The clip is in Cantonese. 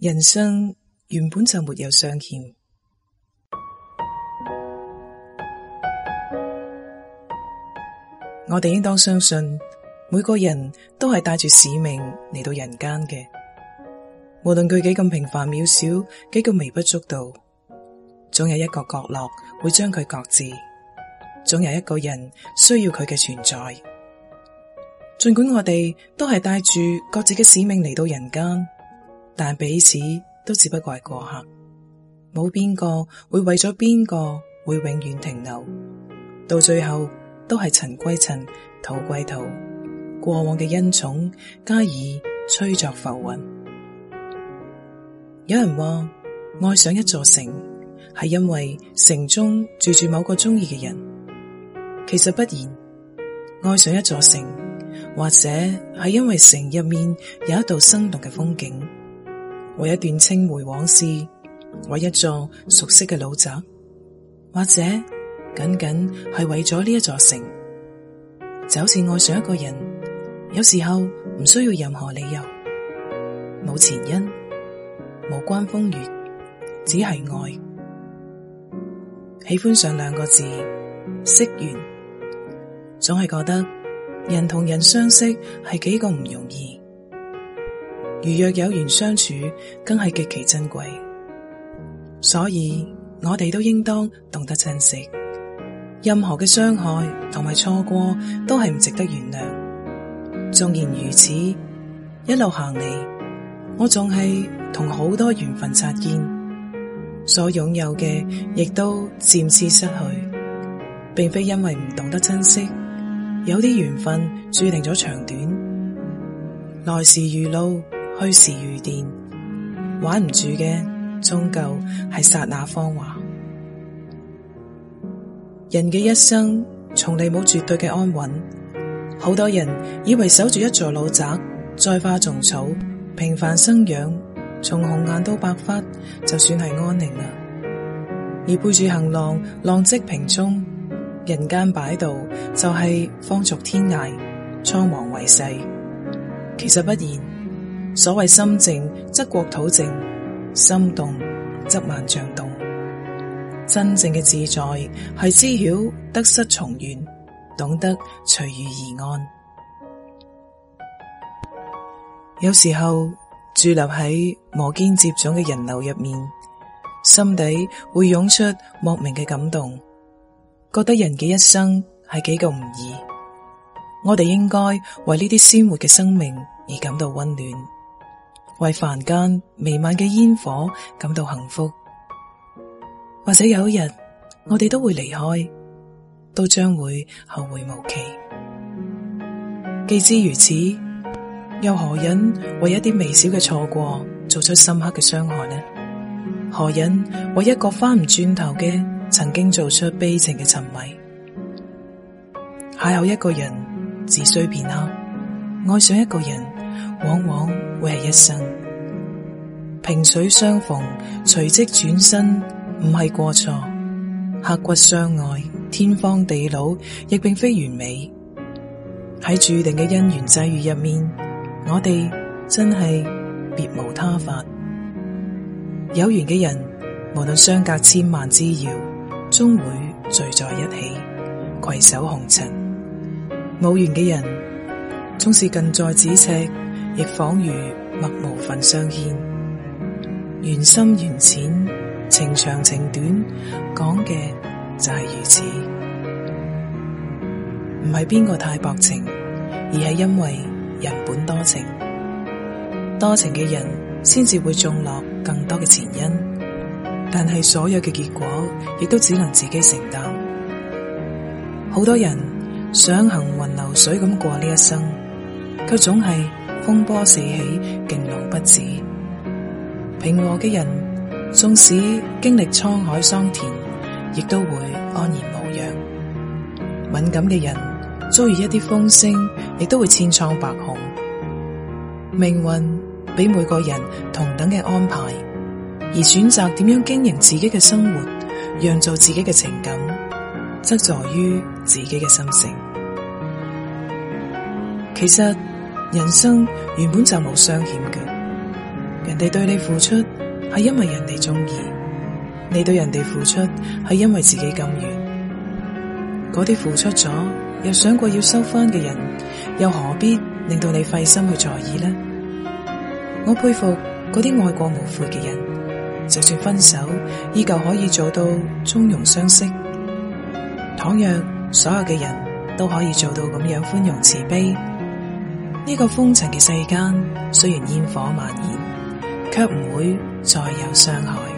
人生原本就沒有相欠，我哋應當相信每個人都係帶住使命嚟到人間嘅。無論佢幾咁平凡渺小，幾咁微不足道，總有一個角落會將佢擱置，總有一個人需要佢嘅存在。盡管我哋都係帶住各自嘅使命嚟到人間。但彼此都只不過係過客，冇邊個會為咗邊個會永遠停留，到最後都係塵歸塵，土歸土。過往嘅恩寵，加以吹作浮雲。有人話愛上一座城，係因為城中住住某個鍾意嘅人，其實不然。愛上一座城，或者係因為城入面有一道生動嘅風景。為一段青梅往事，為一座熟悉嘅老宅，或者僅僅係為咗呢一座城，就好似愛上一個人。有時候唔需要任何理由，冇前因，無關風月，只係愛。喜歡上兩個字，惜緣，總係覺得人同人相識係幾個唔容易。如若有緣相處，更係極其珍貴，所以我哋都應當懂得珍惜。任何嘅傷害同埋錯過都係唔值得原諒。縱然如此，一路行嚟，我仲係同好多緣分擦肩，所擁有嘅亦都漸次失去，並非因為唔懂得珍惜，有啲緣分注定咗長短，來時如路。去時如電，挽唔住嘅終究係剎那芳華。人嘅一生，從嚟冇絕對嘅安穩。好多人以為守住一座老宅，栽花種草，平凡生養，從紅眼到白髮，就算係安寧啦。而背住行囊，浪跡萍蹤，人間擺渡就係放逐天涯，蒼茫為世。其實不然。所謂心靜則國土靜，心動則萬象動。真正嘅自在係知曉得失從緣，懂得隨遇而安。有時候駐留喺摩肩接踵嘅人流入面，心底會湧出莫名嘅感動，覺得人嘅一生係幾咁唔易。我哋應該為呢啲鮮活嘅生命而感到溫暖。為凡間彌漫嘅煙火感到幸福，或者有一日我哋都會離開，都將會後會無期。既知如此，又何忍為一啲微小嘅錯過做出深刻嘅傷害呢？何忍為一個翻唔轉頭嘅曾經做出悲情嘅沉迷？邂逅一個人，只需片刻，愛上一個人，往往會係一生。萍水相逢，隨即轉身唔係過錯；刻骨相愛，天荒地老亦並非完美。喺注定嘅姻緣際遇入面，我哋真係別無他法。有緣嘅人，無論相隔千萬之遙，終會聚在一起，攜手紅塵；冇緣嘅人，縱是近在咫尺亦仿如默無份相欠，緣深緣淺，情長情短，講嘅就係如此。唔係邊個太薄情，而係因為人本多情，多情嘅人先至會種落更多嘅前因，但係所有嘅結果亦都只能自己承擔。好多人想行雲流水咁過呢一生，卻總係。風波四起，勁浪不止。平和嘅人，縱使經歷滄海桑田，亦都會安然無恙。敏感嘅人，遭遇一啲風聲，亦都會千瘡百孔。命運俾每個人同等嘅安排，而選擇點樣經營自己嘅生活，釀造自己嘅情感，則在於自己嘅心性。其實。人生原本就冇相欠嘅，人哋對你付出係因為人哋鍾意，你對人哋付出係因為自己甘願。嗰啲付出咗又想過要收翻嘅人，又何必令到你費心去在意呢？我佩服嗰啲愛過無悔嘅人，就算分手依舊可以做到從容相惜。倘若所有嘅人都可以做到咁樣寬容慈悲。呢個風塵嘅世間，雖然煙火蔓延，卻唔會再有傷害。